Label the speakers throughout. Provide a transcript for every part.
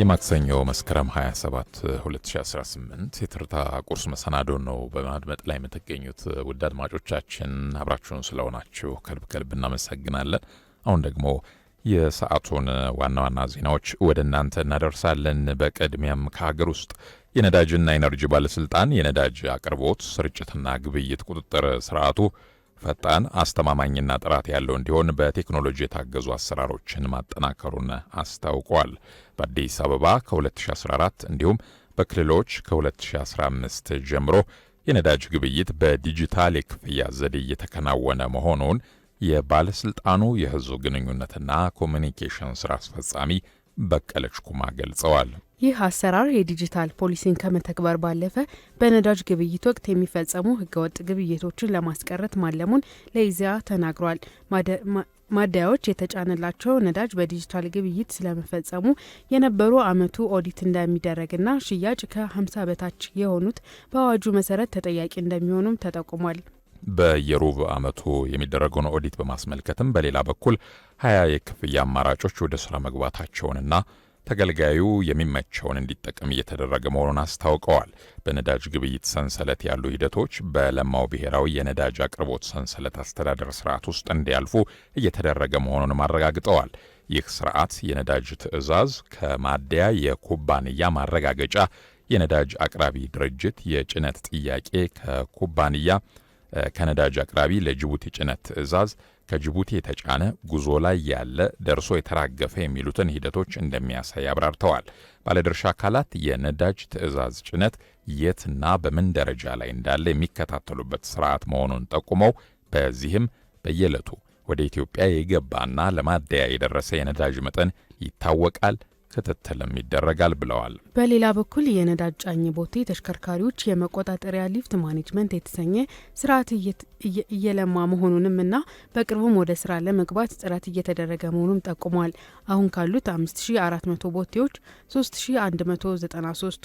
Speaker 1: የማክሰኞ መስከረም 27 2018 የትርታ ቁርስ መሰናዶን ነው በማድመጥ ላይ የምትገኙት። ውድ አድማጮቻችን አብራችሁን ስለሆናችሁ ከልብ ከልብ እናመሰግናለን። አሁን ደግሞ የሰዓቱን ዋና ዋና ዜናዎች ወደ እናንተ እናደርሳለን። በቅድሚያም ከሀገር ውስጥ የነዳጅና ኤነርጂ ባለስልጣን የነዳጅ አቅርቦት ስርጭትና ግብይት ቁጥጥር ስርዓቱ ፈጣን፣ አስተማማኝና ጥራት ያለው እንዲሆን በቴክኖሎጂ የታገዙ አሰራሮችን ማጠናከሩን አስታውቋል። በአዲስ አበባ ከ2014 እንዲሁም በክልሎች ከ2015 ጀምሮ የነዳጅ ግብይት በዲጂታል የክፍያ ዘዴ እየተከናወነ መሆኑን የባለሥልጣኑ የሕዝብ ግንኙነትና ኮሚኒኬሽን ሥራ አስፈጻሚ በቀለች ኩማ ገልጸዋል።
Speaker 2: ይህ አሰራር የዲጂታል ፖሊሲን ከመተግበር ባለፈ በነዳጅ ግብይት ወቅት የሚፈጸሙ ህገወጥ ግብይቶችን ለማስቀረት ማለሙን ለኢዜአ ተናግሯል። ማደያዎች የተጫነላቸው ነዳጅ በዲጂታል ግብይት ስለመፈጸሙ የነበሩ አመቱ ኦዲት እንደሚደረግና ሽያጭ ከ በታች የሆኑት በአዋጁ መሰረት ተጠያቂ እንደሚሆኑም ተጠቁሟል።
Speaker 1: በየሩብ አመቱ የሚደረገውን ኦዲት በማስመልከትም በሌላ በኩል ሀያ የክፍያ አማራጮች ወደ ስራ መግባታቸውንና ተገልጋዩ የሚመቸውን እንዲጠቀም እየተደረገ መሆኑን አስታውቀዋል። በነዳጅ ግብይት ሰንሰለት ያሉ ሂደቶች በለማው ብሔራዊ የነዳጅ አቅርቦት ሰንሰለት አስተዳደር ስርዓት ውስጥ እንዲያልፉ እየተደረገ መሆኑንም አረጋግጠዋል። ይህ ስርዓት የነዳጅ ትዕዛዝ ከማደያ የኩባንያ ማረጋገጫ፣ የነዳጅ አቅራቢ ድርጅት የጭነት ጥያቄ ከኩባንያ ከነዳጅ አቅራቢ ለጅቡቲ ጭነት ትዕዛዝ ከጅቡቲ የተጫነ ጉዞ ላይ ያለ ደርሶ የተራገፈ የሚሉትን ሂደቶች እንደሚያሳይ አብራርተዋል። ባለድርሻ አካላት የነዳጅ ትዕዛዝ ጭነት የትና በምን ደረጃ ላይ እንዳለ የሚከታተሉበት ስርዓት መሆኑን ጠቁመው በዚህም በየዕለቱ ወደ ኢትዮጵያ የገባና ለማደያ የደረሰ የነዳጅ መጠን ይታወቃል፣ ክትትልም ይደረጋል ብለዋል።
Speaker 2: በሌላ በኩል የነዳጅ ጫኝ ቦቴ ተሽከርካሪዎች የመቆጣጠሪያ ሊፍት ማኔጅመንት የተሰኘ ስርዓት እየለማ መሆኑንም እና በቅርቡም ወደ ስራ ለመግባት ጥረት እየተደረገ መሆኑም ጠቁሟል። አሁን ካሉት 5400 ቦቴዎች 3193ቱ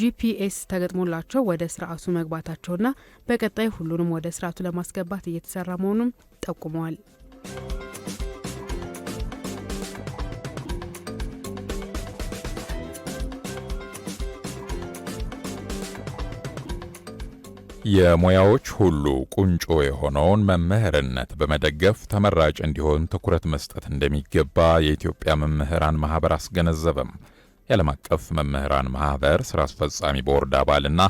Speaker 2: ጂፒኤስ ተገጥሞላቸው ወደ ስርዓቱ መግባታቸውና በቀጣይ ሁሉንም ወደ ስርዓቱ ለማስገባት እየተሰራ መሆኑም ጠቁመዋል።
Speaker 1: የሙያዎች ሁሉ ቁንጮ የሆነውን መምህርነት በመደገፍ ተመራጭ እንዲሆን ትኩረት መስጠት እንደሚገባ የኢትዮጵያ መምህራን ማህበር አስገነዘበም። የዓለም አቀፍ መምህራን ማህበር ስራ አስፈጻሚ ቦርድ አባልና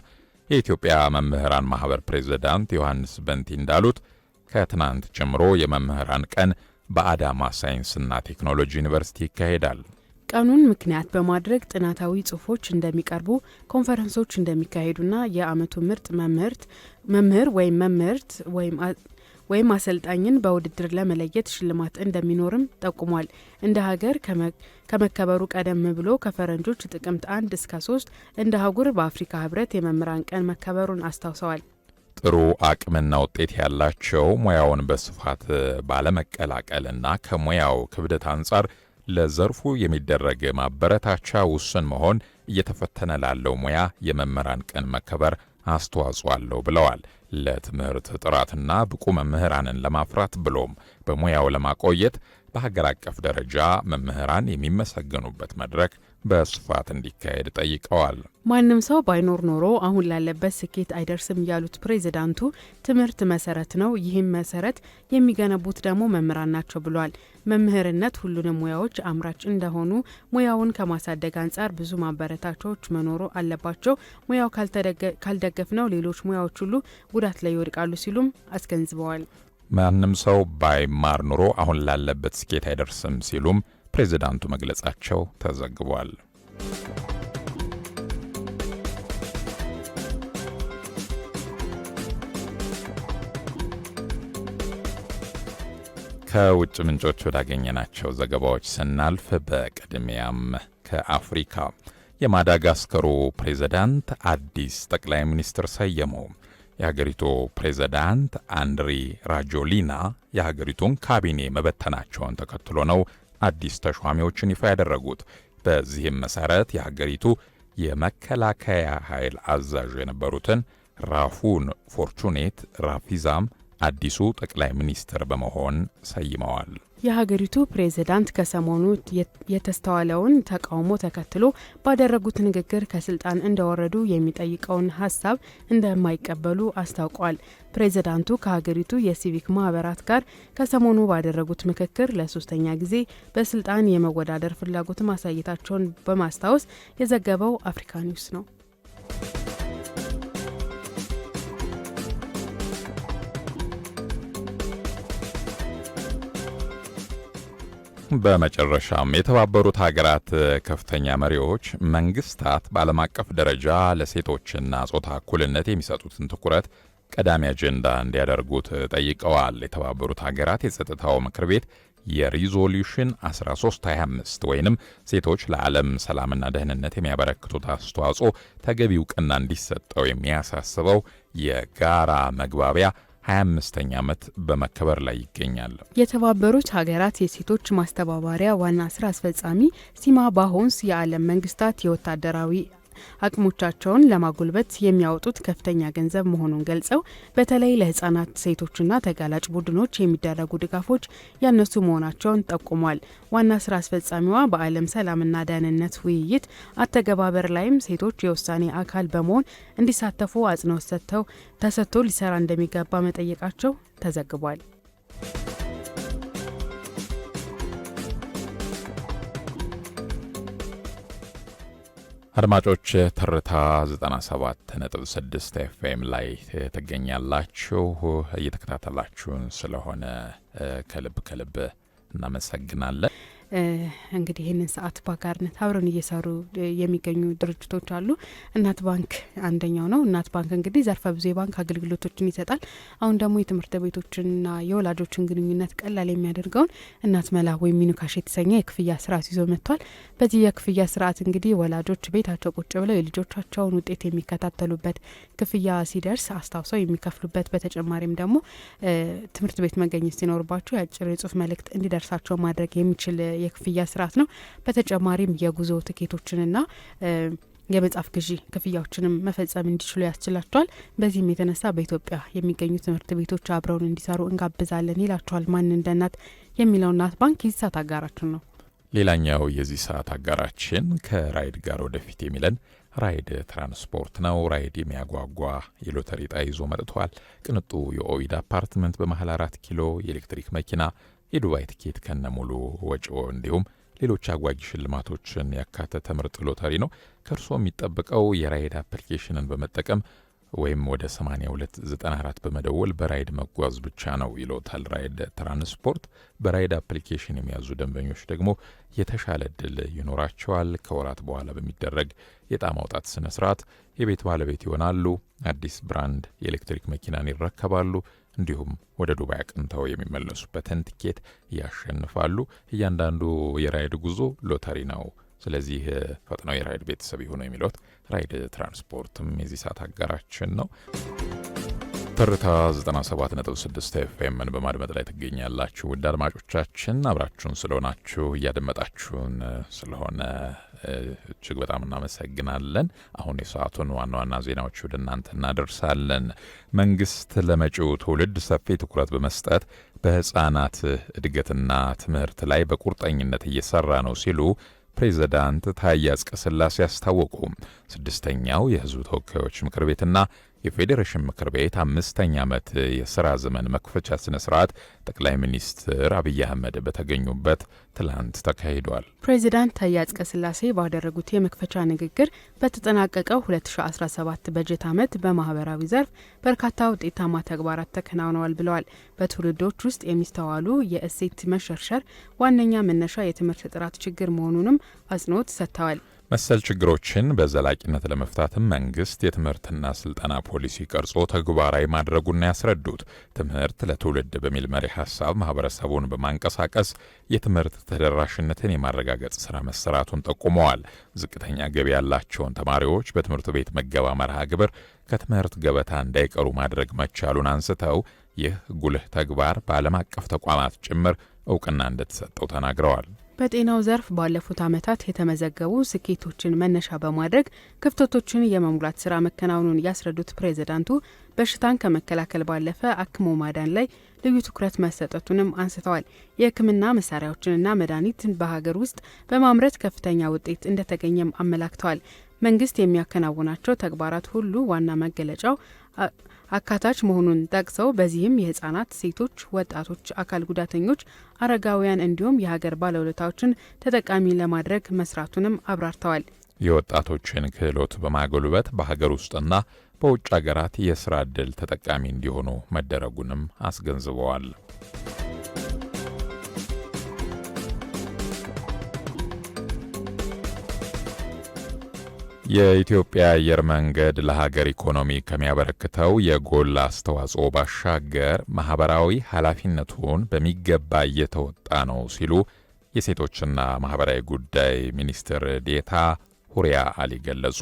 Speaker 1: የኢትዮጵያ መምህራን ማህበር ፕሬዝዳንት ዮሐንስ በንቲ እንዳሉት ከትናንት ጀምሮ የመምህራን ቀን በአዳማ ሳይንስና ቴክኖሎጂ ዩኒቨርሲቲ ይካሄዳል።
Speaker 2: ቀኑን ምክንያት በማድረግ ጥናታዊ ጽሁፎች እንደሚቀርቡ፣ ኮንፈረንሶች እንደሚካሄዱና የአመቱ ምርጥ መምህር ወይም መምህርት ወይም አሰልጣኝን በውድድር ለመለየት ሽልማት እንደሚኖርም ጠቁሟል። እንደ ሀገር ከመከበሩ ቀደም ብሎ ከፈረንጆች ጥቅምት አንድ እስከ ሶስት እንደ አህጉር በአፍሪካ ህብረት የመምህራን ቀን መከበሩን አስታውሰዋል።
Speaker 1: ጥሩ አቅምና ውጤት ያላቸው ሙያውን በስፋት ባለመቀላቀልና ከሙያው ክብደት አንጻር ለዘርፉ የሚደረግ ማበረታቻ ውስን መሆን እየተፈተነ ላለው ሙያ የመምህራን ቀን መከበር አስተዋጽኦ አለው ብለዋል። ለትምህርት ጥራትና ብቁ መምህራንን ለማፍራት ብሎም በሙያው ለማቆየት በሀገር አቀፍ ደረጃ መምህራን የሚመሰገኑበት መድረክ በስፋት እንዲካሄድ ጠይቀዋል።
Speaker 2: ማንም ሰው ባይኖር ኖሮ አሁን ላለበት ስኬት አይደርስም ያሉት ፕሬዚዳንቱ ትምህርት መሰረት ነው፣ ይህም መሰረት የሚገነቡት ደግሞ መምህራን ናቸው ብሏል። መምህርነት ሁሉንም ሙያዎች አምራች እንደሆኑ ሙያውን ከማሳደግ አንጻር ብዙ ማበረታቻዎች መኖሩ አለባቸው። ሙያው ካልደገፍ ነው ሌሎች ሙያዎች ሁሉ ጉዳት ላይ ይወድቃሉ ሲሉም አስገንዝበዋል።
Speaker 1: ማንም ሰው ባይማር ኑሮ አሁን ላለበት ስኬት አይደርስም ሲሉም ፕሬዚዳንቱ መግለጻቸው ተዘግቧል። ከውጭ ምንጮች ወዳገኘናቸው ዘገባዎች ስናልፍ በቅድሚያም ከአፍሪካ የማዳጋስከሩ ፕሬዚዳንት አዲስ ጠቅላይ ሚኒስትር ሰየሙ። የሀገሪቱ ፕሬዝዳንት አንድሪ ራጆሊና የሀገሪቱን ካቢኔ መበተናቸውን ተከትሎ ነው አዲስ ተሿሚዎችን ይፋ ያደረጉት። በዚህም መሠረት የሀገሪቱ የመከላከያ ኃይል አዛዥ የነበሩትን ራፉን ፎርቹኔት ራፊዛም አዲሱ ጠቅላይ ሚኒስትር በመሆን ሰይመዋል።
Speaker 2: የሀገሪቱ ፕሬዝዳንት ከሰሞኑ የተስተዋለውን ተቃውሞ ተከትሎ ባደረጉት ንግግር ከስልጣን እንደወረዱ የሚጠይቀውን ሀሳብ እንደማይቀበሉ አስታውቋል። ፕሬዝዳንቱ ከሀገሪቱ የሲቪክ ማህበራት ጋር ከሰሞኑ ባደረጉት ምክክር ለሶስተኛ ጊዜ በስልጣን የመወዳደር ፍላጎት ማሳየታቸውን በማስታወስ የዘገበው አፍሪካ ኒውስ ነው።
Speaker 1: በመጨረሻም የተባበሩት ሀገራት ከፍተኛ መሪዎች መንግስታት በዓለም አቀፍ ደረጃ ለሴቶችና ጾታ እኩልነት የሚሰጡትን ትኩረት ቀዳሚ አጀንዳ እንዲያደርጉት ጠይቀዋል። የተባበሩት ሀገራት የጸጥታው ምክር ቤት የሪዞሉሽን 1325 ወይንም ሴቶች ለዓለም ሰላምና ደህንነት የሚያበረክቱት አስተዋጽኦ ተገቢው ዕውቅና እንዲሰጠው የሚያሳስበው የጋራ መግባቢያ 25ኛ ዓመት በመከበር ላይ ይገኛል።
Speaker 2: የተባበሩት ሀገራት የሴቶች ማስተባበሪያ ዋና ስራ አስፈጻሚ ሲማ ባሆንስ የዓለም መንግስታት የወታደራዊ አቅሞቻቸውን ለማጎልበት የሚያወጡት ከፍተኛ ገንዘብ መሆኑን ገልጸው በተለይ ለህጻናት፣ ሴቶችና ተጋላጭ ቡድኖች የሚደረጉ ድጋፎች ያነሱ መሆናቸውን ጠቁሟል። ዋና ስራ አስፈጻሚዋ በዓለም ሰላምና ደህንነት ውይይት አተገባበር ላይም ሴቶች የውሳኔ አካል በመሆን እንዲሳተፉ አጽንኦት ሰጥተው ተሰጥቶ ሊሰራ እንደሚገባ መጠየቃቸው ተዘግቧል።
Speaker 1: አድማጮች ትርታ 6 ኤፍኤም ላይ ትገኛላችሁ። እየተከታተላችሁን ስለሆነ ከልብ ከልብ እናመሰግናለን።
Speaker 2: እንግዲህ ይህንን ሰዓት በአጋርነት አብረን እየሰሩ የሚገኙ ድርጅቶች አሉ። እናት ባንክ አንደኛው ነው። እናት ባንክ እንግዲህ ዘርፈ ብዙ የባንክ አገልግሎቶችን ይሰጣል። አሁን ደግሞ የትምህርት ቤቶችንና የወላጆችን ግንኙነት ቀላል የሚያደርገውን እናት መላ ወይም ሚኑካሽ የተሰኘ የክፍያ ስርዓት ይዞ መጥቷል። በዚህ የክፍያ ስርዓት እንግዲህ ወላጆች ቤታቸው ቁጭ ብለው የልጆቻቸውን ውጤት የሚከታተሉበት ክፍያ ሲደርስ አስታውሰው የሚከፍሉበት በተጨማሪም ደግሞ ትምህርት ቤት መገኘት ሲኖርባቸው የአጭር የጽሁፍ መልእክት እንዲደርሳቸው ማድረግ የሚችል የክፍያ ስርዓት ነው። በተጨማሪም የጉዞ ትኬቶችንና የመጽሐፍ ግዢ ክፍያዎችንም መፈጸም እንዲችሉ ያስችላቸዋል። በዚህም የተነሳ በኢትዮጵያ የሚገኙ ትምህርት ቤቶች አብረውን እንዲሰሩ እንጋብዛለን ይላቸዋል። ማን እንደ እናት የሚለው እናት ባንክ የዚህ ሰዓት አጋራችን ነው።
Speaker 1: ሌላኛው የዚህ ሰዓት አጋራችን ከራይድ ጋር ወደፊት የሚለን ራይድ ትራንስፖርት ነው። ራይድ የሚያጓጓ የሎተሪ ዕጣ ይዞ መጥቷል። ቅንጡ የኦኢድ አፓርትመንት በመሀል አራት ኪሎ፣ የኤሌክትሪክ መኪና የዱባይ ትኬት ከነሙሉ ወጪ እንዲሁም ሌሎች አጓጊ ሽልማቶችን ያካተተ ምርጥ ሎተሪ ነው። ከእርስዎ የሚጠበቀው የራይድ አፕሊኬሽንን በመጠቀም ወይም ወደ 8294 በመደወል በራይድ መጓዝ ብቻ ነው ይሎታል ራይድ ትራንስፖርት። በራይድ አፕሊኬሽን የሚያዙ ደንበኞች ደግሞ የተሻለ እድል ይኖራቸዋል። ከወራት በኋላ በሚደረግ የዕጣ ማውጣት ስነ ስርዓት የቤት ባለቤት ይሆናሉ። አዲስ ብራንድ የኤሌክትሪክ መኪናን ይረከባሉ። እንዲሁም ወደ ዱባይ አቅንተው የሚመለሱበትን ትኬት ያሸንፋሉ። እያንዳንዱ የራይድ ጉዞ ሎተሪ ነው። ስለዚህ ፈጥነው የራይድ ቤተሰብ የሆነው የሚለት ራይድ ትራንስፖርትም የዚህ ሰዓት አጋራችን ነው። ትርታ 97.6 ኤፍኤምን በማድመጥ ላይ ትገኛላችሁ። ውድ አድማጮቻችን አብራችሁን ስለሆናችሁ እያደመጣችሁን ስለሆነ እጅግ በጣም እናመሰግናለን። አሁን የሰዓቱን ዋና ዋና ዜናዎች ወደ እናንተ እናደርሳለን። መንግስት ለመጪው ትውልድ ሰፊ ትኩረት በመስጠት በህፃናት እድገትና ትምህርት ላይ በቁርጠኝነት እየሰራ ነው ሲሉ ፕሬዚዳንት ታዬ አጽቀሥላሴ አስታወቁ። ስድስተኛው የህዝብ ተወካዮች ምክር ቤትና የፌዴሬሽን ምክር ቤት አምስተኛ ዓመት የሥራ ዘመን መክፈቻ ሥነ ሥርዓት ጠቅላይ ሚኒስትር አብይ አህመድ በተገኙበት ትላንት ተካሂዷል።
Speaker 2: ፕሬዚዳንት ታዬ ሥላሴ ባደረጉት የመክፈቻ ንግግር በተጠናቀቀው 2017 በጀት ዓመት በማህበራዊ ዘርፍ በርካታ ውጤታማ ተግባራት ተከናውነዋል ብለዋል። በትውልዶች ውስጥ የሚስተዋሉ የእሴት መሸርሸር ዋነኛ መነሻ የትምህርት ጥራት ችግር መሆኑንም አጽንኦት ሰጥተዋል።
Speaker 1: መሰል ችግሮችን በዘላቂነት ለመፍታትም መንግስት የትምህርትና ስልጠና ፖሊሲ ቀርጾ ተግባራዊ ማድረጉን ያስረዱት ትምህርት ለትውልድ በሚል መሪ ሀሳብ ማህበረሰቡን በማንቀሳቀስ የትምህርት ተደራሽነትን የማረጋገጥ ስራ መሰራቱን ጠቁመዋል። ዝቅተኛ ገቢ ያላቸውን ተማሪዎች በትምህርት ቤት መገባ መርሃ ግብር ከትምህርት ገበታ እንዳይቀሩ ማድረግ መቻሉን አንስተው ይህ ጉልህ ተግባር በዓለም አቀፍ ተቋማት ጭምር እውቅና እንደተሰጠው ተናግረዋል።
Speaker 2: በጤናው ዘርፍ ባለፉት ዓመታት የተመዘገቡ ስኬቶችን መነሻ በማድረግ ክፍተቶችን የመሙላት ስራ መከናወኑን ያስረዱት ፕሬዝዳንቱ በሽታን ከመከላከል ባለፈ አክሞ ማዳን ላይ ልዩ ትኩረት መሰጠቱንም አንስተዋል። የሕክምና መሳሪያዎችንና መድኃኒትን በሀገር ውስጥ በማምረት ከፍተኛ ውጤት እንደተገኘም አመላክተዋል። መንግስት የሚያከናውናቸው ተግባራት ሁሉ ዋና መገለጫው አካታች መሆኑን ጠቅሰው በዚህም የህጻናት፣ ሴቶች፣ ወጣቶች፣ አካል ጉዳተኞች፣ አረጋውያን እንዲሁም የሀገር ባለውለታዎችን ተጠቃሚ ለማድረግ መስራቱንም አብራርተዋል።
Speaker 1: የወጣቶችን ክህሎት በማጎልበት በሀገር ውስጥና በውጭ ሀገራት የስራ ዕድል ተጠቃሚ እንዲሆኑ መደረጉንም አስገንዝበዋል። የኢትዮጵያ አየር መንገድ ለሀገር ኢኮኖሚ ከሚያበረክተው የጎላ አስተዋጽኦ ባሻገር ማህበራዊ ኃላፊነቱን በሚገባ እየተወጣ ነው ሲሉ የሴቶችና ማህበራዊ ጉዳይ ሚኒስትር ዴታ ሁሪያ አሊ ገለጹ።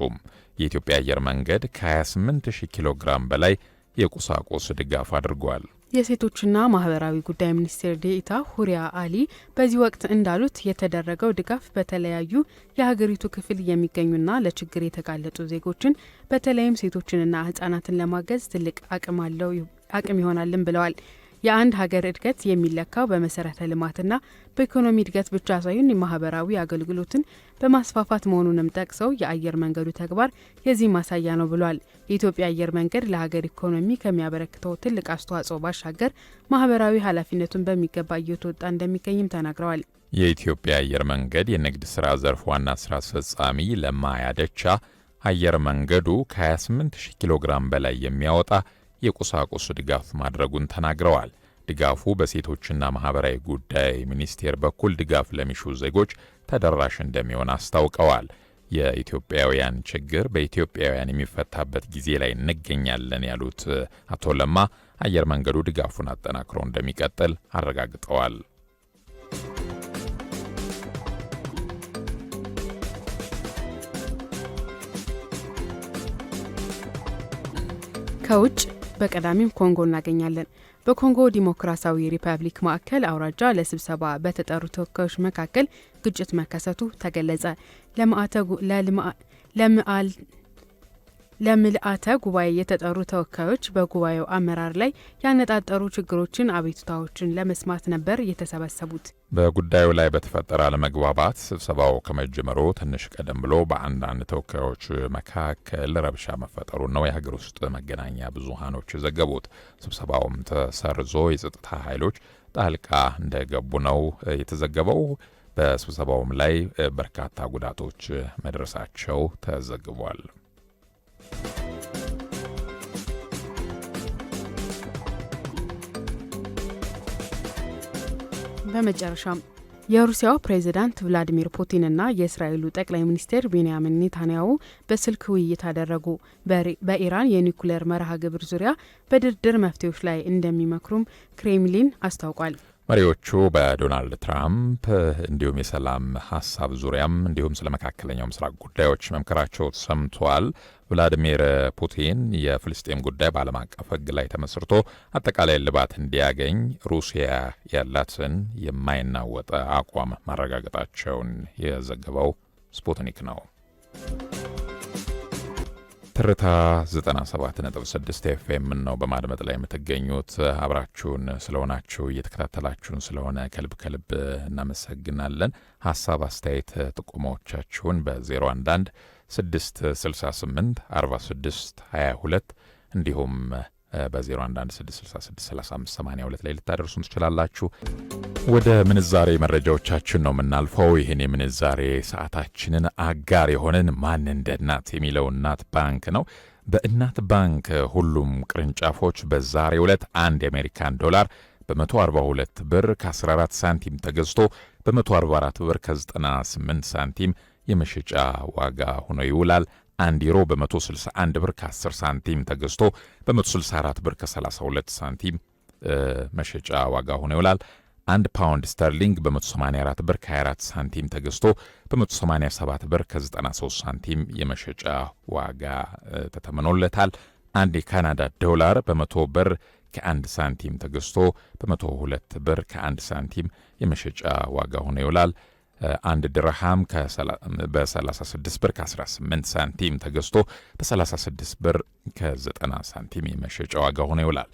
Speaker 1: የኢትዮጵያ አየር መንገድ ከ28000 ኪሎ ግራም በላይ የቁሳቁስ ድጋፍ አድርጓል።
Speaker 2: የሴቶችና ማህበራዊ ጉዳይ ሚኒስቴር ዴኤታ ሁሪያ አሊ በዚህ ወቅት እንዳሉት የተደረገው ድጋፍ በተለያዩ የሀገሪቱ ክፍል የሚገኙና ለችግር የተጋለጡ ዜጎችን በተለይም ሴቶችንና ህጻናትን ለማገዝ ትልቅ አቅም አለው አቅም ይሆናልን ብለዋል። የአንድ ሀገር እድገት የሚለካው በመሰረተ ልማትና በኢኮኖሚ እድገት ብቻ ሳይሆን የማህበራዊ አገልግሎትን በማስፋፋት መሆኑንም ጠቅሰው የአየር መንገዱ ተግባር የዚህ ማሳያ ነው ብሏል። የኢትዮጵያ አየር መንገድ ለሀገር ኢኮኖሚ ከሚያበረክተው ትልቅ አስተዋጽኦ ባሻገር ማህበራዊ ኃላፊነቱን በሚገባ እየተወጣ እንደሚገኝም ተናግረዋል።
Speaker 1: የኢትዮጵያ አየር መንገድ የንግድ ስራ ዘርፍ ዋና ስራ አስፈጻሚ ለማያደቻ አየር መንገዱ ከ 28 ኪሎ ግራም በላይ የሚያወጣ የቁሳቁስ ድጋፍ ማድረጉን ተናግረዋል። ድጋፉ በሴቶችና ማህበራዊ ጉዳይ ሚኒስቴር በኩል ድጋፍ ለሚሹ ዜጎች ተደራሽ እንደሚሆን አስታውቀዋል። የኢትዮጵያውያን ችግር በኢትዮጵያውያን የሚፈታበት ጊዜ ላይ እንገኛለን ያሉት አቶ ለማ አየር መንገዱ ድጋፉን አጠናክሮ እንደሚቀጥል አረጋግጠዋል።
Speaker 2: ከውጭ በቀዳሚም ኮንጎ እናገኛለን። በኮንጎ ዲሞክራሲያዊ ሪፐብሊክ ማዕከል አውራጃ ለስብሰባ በተጠሩ ተወካዮች መካከል ግጭት መከሰቱ ተገለጸ። ለማዕተጉ ለምልአተ ጉባኤ የተጠሩ ተወካዮች በጉባኤው አመራር ላይ ያነጣጠሩ ችግሮችን፣ አቤቱታዎችን ለመስማት ነበር የተሰበሰቡት።
Speaker 1: በጉዳዩ ላይ በተፈጠረ አለመግባባት ስብሰባው ከመጀመሩ ትንሽ ቀደም ብሎ በአንዳንድ ተወካዮች መካከል ረብሻ መፈጠሩ ነው የሀገር ውስጥ መገናኛ ብዙሃኖች ዘገቡት። ስብሰባውም ተሰርዞ የጸጥታ ኃይሎች ጣልቃ እንደገቡ ነው የተዘገበው። በስብሰባውም ላይ በርካታ ጉዳቶች መድረሳቸው ተዘግቧል።
Speaker 2: በመጨረሻም የሩሲያው ፕሬዚዳንት ቭላዲሚር ፑቲንና የእስራኤሉ ጠቅላይ ሚኒስትር ቤንያሚን ኔታንያሁ በስልክ ውይይት አደረጉ። በኢራን የኒውክሌር መርሃ ግብር ዙሪያ በድርድር መፍትሄዎች ላይ እንደሚመክሩም ክሬምሊን አስታውቋል።
Speaker 1: መሪዎቹ በዶናልድ ትራምፕ እንዲሁም የሰላም ሀሳብ ዙሪያም እንዲሁም ስለ መካከለኛው ምስራቅ ጉዳዮች መምከራቸው ሰምተዋል። ቭላዲሚር ፑቲን የፍልስጤም ጉዳይ በዓለም አቀፍ ሕግ ላይ ተመስርቶ አጠቃላይ ልባት እንዲያገኝ ሩሲያ ያላትን የማይናወጠ አቋም ማረጋገጣቸውን የዘገበው ስፑትኒክ ነው። ትርታ 97.6 ኤፍኤም ነው በማድመጥ ላይ የምትገኙት። አብራችሁን ስለሆናችሁ እየተከታተላችሁን ስለሆነ ከልብ ከልብ እናመሰግናለን። ሀሳብ አስተያየት፣ ጥቆማዎቻችሁን በ011 668 46 22 እንዲሁም በ0116663582 ላይ ልታደርሱን ትችላላችሁ። ወደ ምንዛሬ መረጃዎቻችን ነው የምናልፈው። ይህን የምንዛሬ ሰዓታችንን አጋር የሆነን ማን እንደ እናት የሚለው እናት ባንክ ነው። በእናት ባንክ ሁሉም ቅርንጫፎች በዛሬ ዕለት አንድ የአሜሪካን ዶላር በ142 ብር ከ14 ሳንቲም ተገዝቶ በ144 ብር ከ98 ሳንቲም የመሸጫ ዋጋ ሆኖ ይውላል። አንድ ዩሮ በ161 ብር ከ10 ሳንቲም ተገዝቶ በ164 ብር ከ32 ሳንቲም መሸጫ ዋጋ ሆኖ ይውላል። አንድ ፓውንድ ስተርሊንግ በ184 ብር ከ24 ሳንቲም ተገዝቶ በ187 ብር ከ93 ሳንቲም የመሸጫ ዋጋ ተተምኖለታል። አንድ የካናዳ ዶላር በ100 ብር ከ1 ሳንቲም ተገዝቶ በ102 ብር ከ1 ሳንቲም የመሸጫ ዋጋ ሆኖ ይውላል። አንድ ድርሃም በ36 ብር ከ18 ሳንቲም ተገዝቶ በ36 ብር ከ90 ሳንቲም የመሸጫ ዋጋ ሆኖ ይውላል።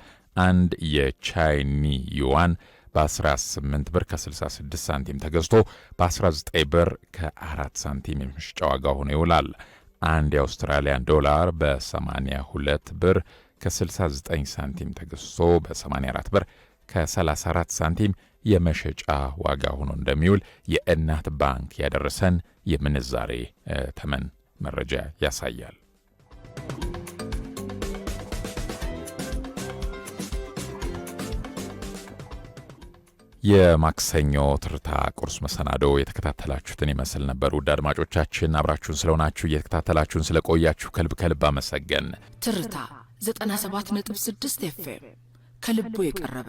Speaker 1: አንድ የቻይኒ ዩዋን በ18 ብር ከ66 ሳንቲም ተገዝቶ በ19 ብር ከ4 ሳንቲም የመሸጫ ዋጋ ሆኖ ይውላል። አንድ የአውስትራሊያን ዶላር በ82 ብር ከ69 ሳንቲም ተገዝቶ በ84 ብር ከ34 ሳንቲም የመሸጫ ዋጋ ሆኖ እንደሚውል የእናት ባንክ ያደረሰን የምንዛሬ ተመን መረጃ ያሳያል። የማክሰኞ ትርታ ቁርስ መሰናዶ የተከታተላችሁትን ይመስል ነበር። ውድ አድማጮቻችን አብራችሁን ስለሆናችሁ እየተከታተላችሁን ስለቆያችሁ ከልብ ከልብ አመሰገን።
Speaker 2: ትርታ 97.6 ኤፍኤም ከልቦ የቀረበ